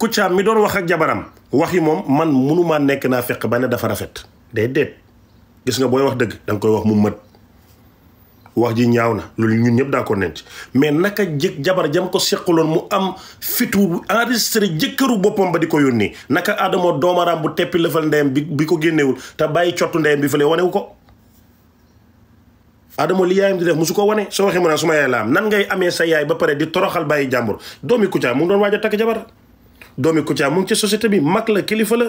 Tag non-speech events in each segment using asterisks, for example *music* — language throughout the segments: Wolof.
Kouthia mi doon wax ak jabaram wax yi moom man mënumaa nekk naa fekk ba ne dafa rafet déedéet gis nga booy wax dëgg danga koy wax mu mët wax ji ñaaw na loolu ñun ñëpp d'accord nañ ci mais naka jëkk jabar jam ko seqaloon mu am fitu enregistré jëkkëru boppam ba di ko yónnee naka Adama doomaraam bu teppi lëfal ndeyam bi bi ko génnewul te bàyyi cottu ndeyam bi fële wanewu ko Adama li yaayam di def musu ko wane soo waxee mu ne suma yaay am nan ngay amee sa yaay ba pare di bàyyi jàmbur doomi Kouthia mu ngi doon waaj a takk jabar doomi Kouthia mu ngi ci société bi mag la kilifa la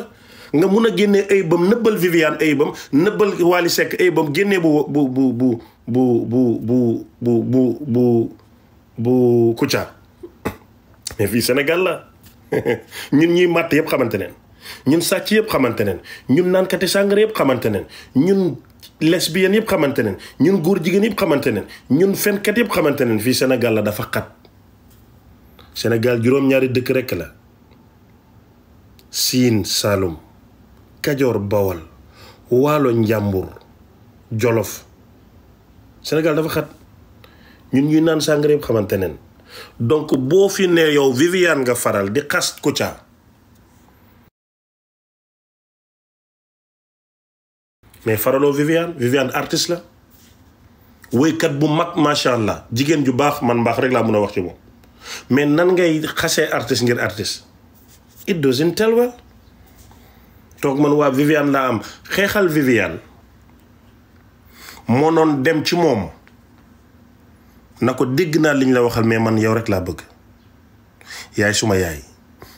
nga mun a génnee ayibam nëbbal Viviane ayibam nëbbal Wally Seck ayibam génnee bu bu bu bu bu bu bu bu bu bu bu Kouthia mais fii Sénégal la ñun ñuy màtt yëpp xamante neen ñun sàcc yëpp xamante neen ñun naankati sàngara yëpp xamante neen ñun lesbienne yëpp xamante neen ñun góor jigéen yëpp xamante neen ñun fenkat yëpp xamante neen fii Sénégal la dafa xat Sénégal juróom-ñaari dëkk rekk la siin saalum kajoor bawal waalo njàmbur jolof senegal dafa xat ñun ñuy naan sàngara yëpp xamante neen donc boo fi ne yow Viviane nga faral di xas Kouthia mais faraloo Viviane Viviane artiste la woykat bu mag macha allah jigéen ju baax man mbaax rek laa mën a wax ci moom mais nan ngay xasee artiste ngir artiste it doesn't tell well toog man waa Viviane laa am xeexal Viviane moo noon dem ci moom na ko dégg naa liñ la waxal mais man yow rek laa bëgg yaay suma yaay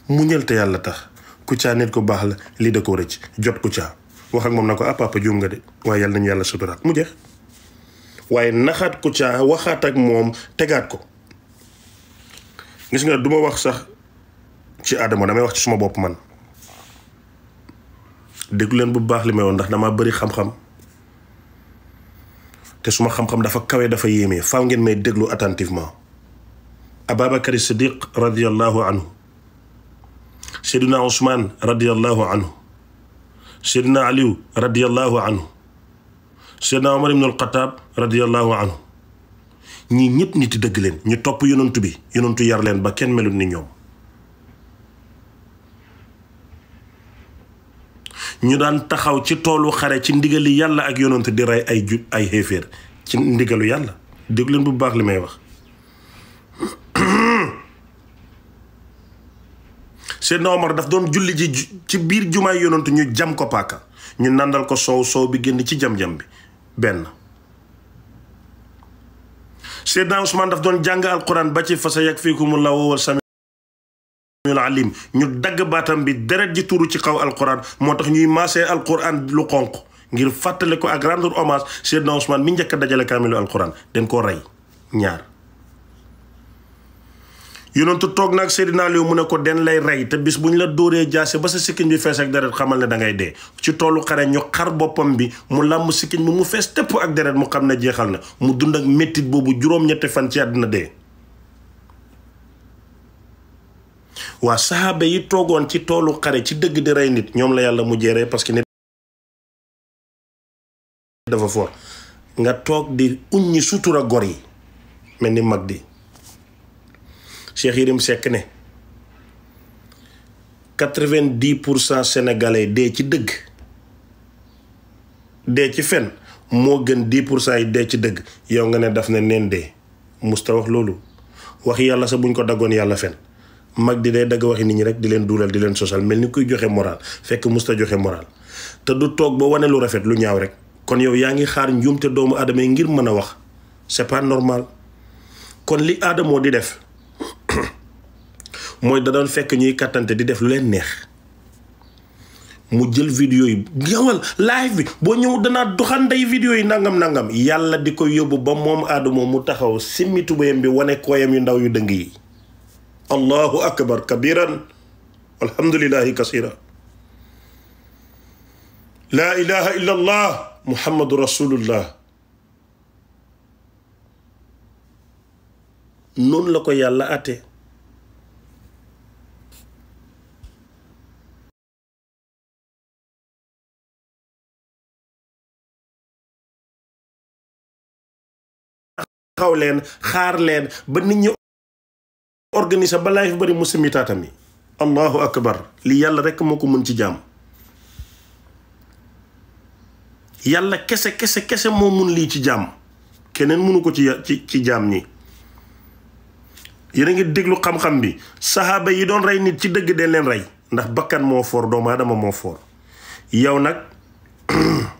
mu te yàlla tax Kouthia nit ko baax la lii da koo rëcc jot Kouthia wax ak moom na ko ah papa juum nga de waaye yàlla nañu yàlla suturaat mu jeex waaye naxaat Kouthia waxaat ak moom tegaat ko gis nga duma wax sax ci Adamo damay wax ci suma bopp man déglu leen bu baax li may ndax damaa bëri xam-xam te suma xam-xam dafa kawee dafa yéeme faaw ngeen may déglu attentivement Ababakar Siddiq radiallahu anhu Seydina Ousmane radiallahu anhu Seydina Aliou radiallahu anhu Seydina Omar ibnul Xataab radiallahu anhu ñii ñëpp nit dëgg leen ñu topp yonantu bi yonantu yar leen ba kenn melut ni ñoom ñu daan taxaw ci toolu xare ci ndigali yàlla ak yonent di rey ay ju ay xéeféer ci ndigalu yàlla déglu bu baax li may wax *clears throat* Seydina Omar daf doon julli ji ci biir jumaay yonent ñu jam ko paaka ñu nandal ko soow soow bi génn ci jam-jam bi benn Seydina Ousmane daf doon jàng alquran ba ci fasa yakfikumullahu wa sami samiul alim ñu dagg baatam bi deret ji tuuru ci kaw alquran moo tax ñuy maasee alquran lu xonq ngir fàttale ko ak rendre hommage Seydina Ousmane mi njëkk a dajale kaamilu alquran dañ koo rey ñaar yonentu toog naag naa Aliou mu ne ko den lay rey te bis bu ñu la dóoree jaase ba sa sikkiñ bi fees ak deret xamal ne da ngay dee ci toolu xare ñu xar boppam bi mu làmm sikkiñ bi mu fees tëpp ak deret mu xam ne jeexal na mu dund ak méttit boobu juróom-ñetti fan ci àddina dee waa saxaaba yi toogoon ci toolu xare ci dëgg di rey nit ñoom la yàlla mujjee rey parce que nit dafa for nga toog di uññi sutura gor yi mel ni mag di Cheikh Yérim Seck ne quatre-vingt-dix pour cent sénégalais dee ci dëgg dee ci fen moo gën dix pour cent yi dee ci dëgg yow nga ne daf ne neen dee musta wax loolu wax yàlla sa buñ ko daggoon yàlla fen mag di day dagg waxi nit ñi rek di leen duulal di leen sosal mel ni kuy joxe moral fekk musta joxe moral te du toog ba wane lu rafet lu ñaaw rek kon yow yaa ngi xaar njuumte doomu aadama yi ngir mën a wax c'est pas normal kon li aadamoo di def mooy da doon fekk ñuy kattante di def leen neex mu jël vidéo yi ñëwal live bi boo ñëw danaa doxanday vidéo yi nangam nangam yàlla di ko yóbbu ba moom aadamoo mu taxaw simmi tubéyam bi wane kooyam yu ndaw yu dëng yi allahu akbar kabiran walhamdulillahi kasira laa ilaha illa allah muhammadu rasulullah noonu la ko yàlla ate xaw leen xaar leen ba organiser ba live bari mu lii yàlla rekk moo ko mën ci jaam yàlla kese kese kese moo mën lii ci jaam keneen mënu ko ci ci ci jaam ñi yéen a ngi déglu xam-xam bi saxaaba yi doon rey nit ci dëgg dee leen rey ndax bakkan moo foor doomu aadama moo foor yow nag *clears throat*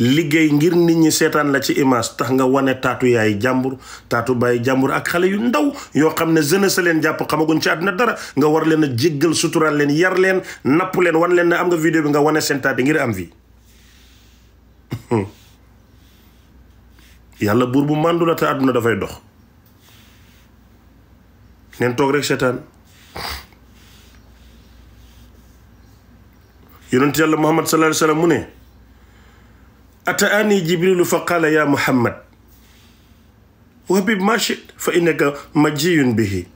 liggéey ngir nit ñi seetaan la ci image tax nga wane taatu yaay jàmbur taatu baay jàmbur ak xale yu ndaw yoo xam ne sa leen jàpp xamaguñ ci àdduna dara nga war leen a jéggal sutural leen yar leen napp leen wan leen ne am nga vidéo bi nga wane seen taat ngir am vie *laughs* buur bu màndu la te àdduna dafay dox neen toog rek seetaan yonent yàlla muhammad sallallahu alayhi wa mu ne ataani jibrilu fa qaala yaa muhammad wahbib machit fa ma innaka bi bihi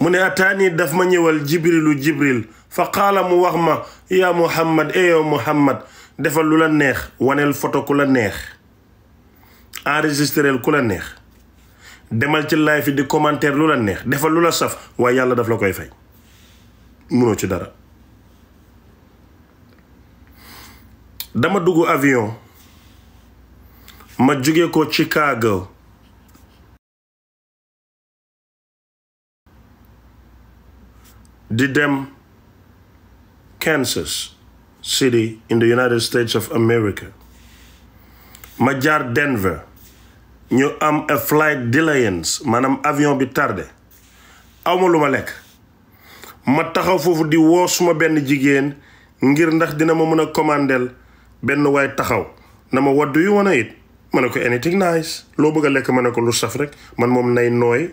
mu ne ataani daf ma ñëwal jibrilu jibril fa qaala mu wax ma yaa muhammad eyow eh muhammad defal lu la neex waneel photo ku la neex enregistreel ku la neex demal ci live fi di commentaire lu la neex defal lu la saf waa yàlla daf la koy fay munoo ci dara dama dugg avion ma jóge ko Chicago di dem Kansas City in the United States of America ma jaar Denver ñu am a flight delayance maanaam avion bi tardé awma lu ma lekk ma taxaw foofu di woo suma benn jigéen ngir ndax dina ma mën a commandel benn waay taxaw na ma what do you wanna ma ne ko anything nice loo bëgg a lekk ma ne ko lu saf rek man moom nay nooy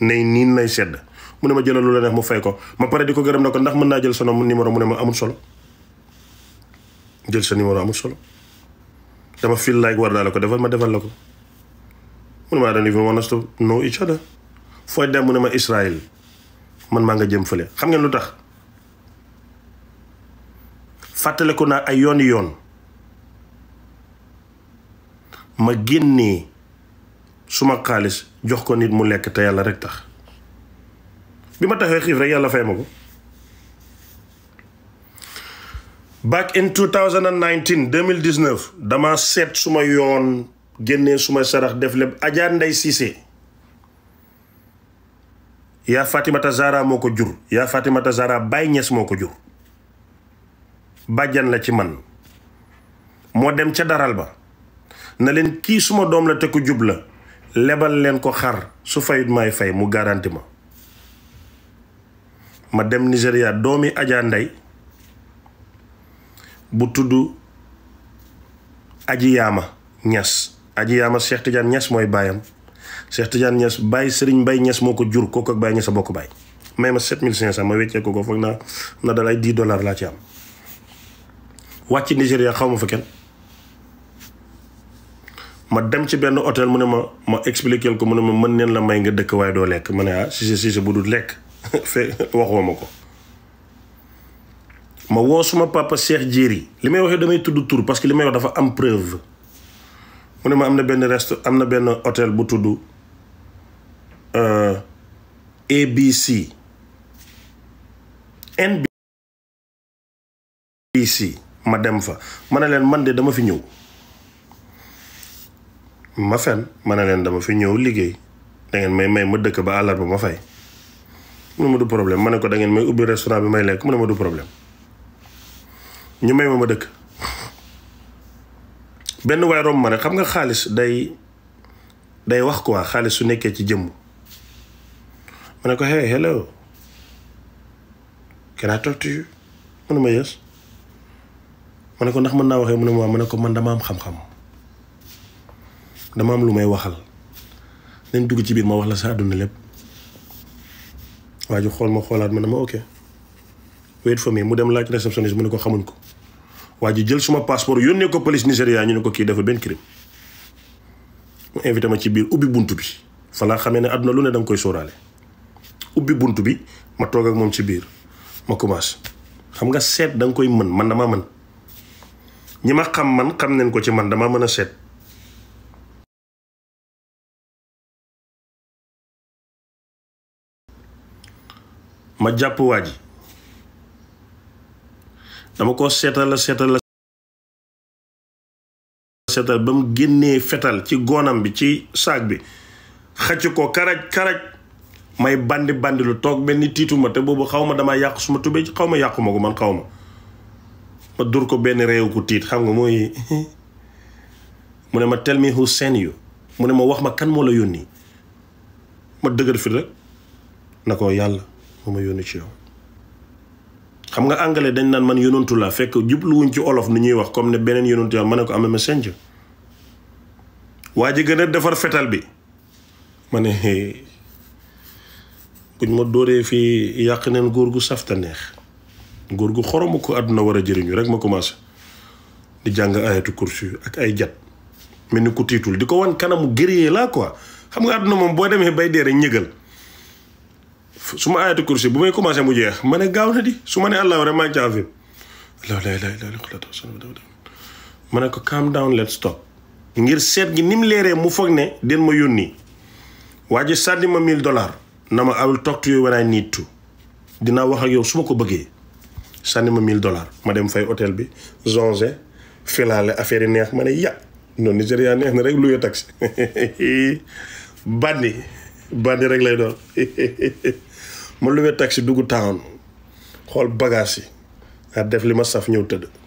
nay niin nay sedd mu ne ma jëlal lu la neex mu fay ko ma pare di ko gërëm na ko ndax mën naa jël sa numéro mu ne ma amul solo jël sa numéro solo dama feel like war naa la ko defal ma defal la ko mu ne ma I don't even want us to know each other fooy dem mu ne ma Israël man maa nga jëm fële xam ngeen lu tax fàttaliku naa ay yoon yoon ma génnee suma xaalis jox ko nit mu lekk te yàlla rek tax bi ma taxee xiif rek yàlla fay ma ko back in 2019 2019 dama seet suma yoon génnee suma sarax def lépp Adja Ndeye Cissé yaa Fatimata Zara moo ko jur yaa Fatimata Zara Baye Niass moo ko jur bàjjan la ci man moo dem ca daral ba na leen kii suma doom la te ku jub la lebal leen ko xar su fayut may fay mu garanti ma ma dem Nigéria doomi Adja Ndey bu tudd Aji Yaama Ñas Aji Yaama Cheikh Tidiane Ñas mooy baayam Cheikh Tidiane Ñas baay sëriñ Baye Ñas moo ko jur kooku ak Baye Ñas a bokk baay may ma 7500 ma weccee ko ko foog naa na dalay 10 dollars laa ci am wàcc Nigéria xaw ma fa kenn ma dem ci benn hôtel mu ne ma ma expliquer ko mu ne ma mën neen la may nga dëkk waaye doo lekk ma ne ah si si si bu dul lekk *laughs* fe waxoo ma ko. ma woo suma papa Cheikh Jéeri li may waxee damay tudd tur que li may wax dafa am preuve mu ma am na benn rest am na benn hôtel bu tudd euh, ABC NBC ma dem fa ma ne leen man de dama fi ñëw. ma fen ma ne leen dama fi ñëw liggéey dangeen may may ma dëkk ba àllarba ma fay mu ne ma du problème ma ne ko da may ubbi bi may lekk mu ne ma du problème may ma ma dëkk benn waay romb ma ne xam nga xaalis day day wax waa xaalis su nekkee ci jëmm ma ne ko hey hello can I talk to you mu ma yes ma ne ko ndax mën naa waxee mu ne ma ma ne ko man dama am xam-xam dama am lu may waxal nañ dugg ci biir ma wax la sa àdduna lépp waa ju xool ma xoolaat ma na ma ok wait for mu dem laaj réceptionniste mu ne ko xamuñ ko waa ji jël suma passeport yónnee ko police Nigéria ñu ne ko kii dafa benn crime mu invité ma ci biir ubbi bunt bi fa laa xamee ne àdduna lu ne danga koy sóoraale ubbi bunt bi ma toog ak moom ci biir ma commencé xam nga seet danga koy mën man damaa mën ñi ma xam man xam nañ ko ci man damaa mën a seet ma jàpp ji dama ko seetal la seetal la seetal ba mu génnee fetal ci goonam bi ci saag bi xëcc ko karaj karaj may bandi bandi lu toog benn tiituma te boobu xaw ma damaa yàqu suma tubéy ci xaw ma yàqu ko man xaw ma dur ko benn réew ku tiit xam nga mooy *laughs* mu ne ma tell me who sent mu ne ma wax ma kan moo la yónni ma dëgër fi rek na ko yàlla moo ma yónni ci yow xam nga anglais dañ naan man yonantu laa fekk jubluwuñ ci olof nu ñuy wax comme ne beneen yonantu laa ma ko am na messenger waa ji gën defar fetal bi ma ne buñ ma dóoree fii yàq neen góor gu safta neex góor gu xoromu ko àdduna war a jëriñu rek ma commencé di jàng ayatu kursi ak ay jat mel ni ku tiitul di ko wan kanamu guerrier laa quoi xam nga àdduna moom boo demee bay dee rek ñëgal su ma ayatu kursi bu may commencé mu jeex ma ne gaaw na di su ma ne allah rek maa ngi ci affaire ma ne ko calm down stop ngir seet gi ni mu leeree mu foog ne den ma yónni waa ji sànni ma mille dollars na ma I will talk to you dinaa wax yow su ma ko bëggee sànni ma 1000 dollars ma dem fay hôtel bi zonge filaale affaire neex ma ne ya noonu Nigéria neex na rek luye taxi *laughs* bandi bandi rek lay doon *laughs* ma luwee taxi duggu town xool bagage yi nga def li ma saf ñëw tëdd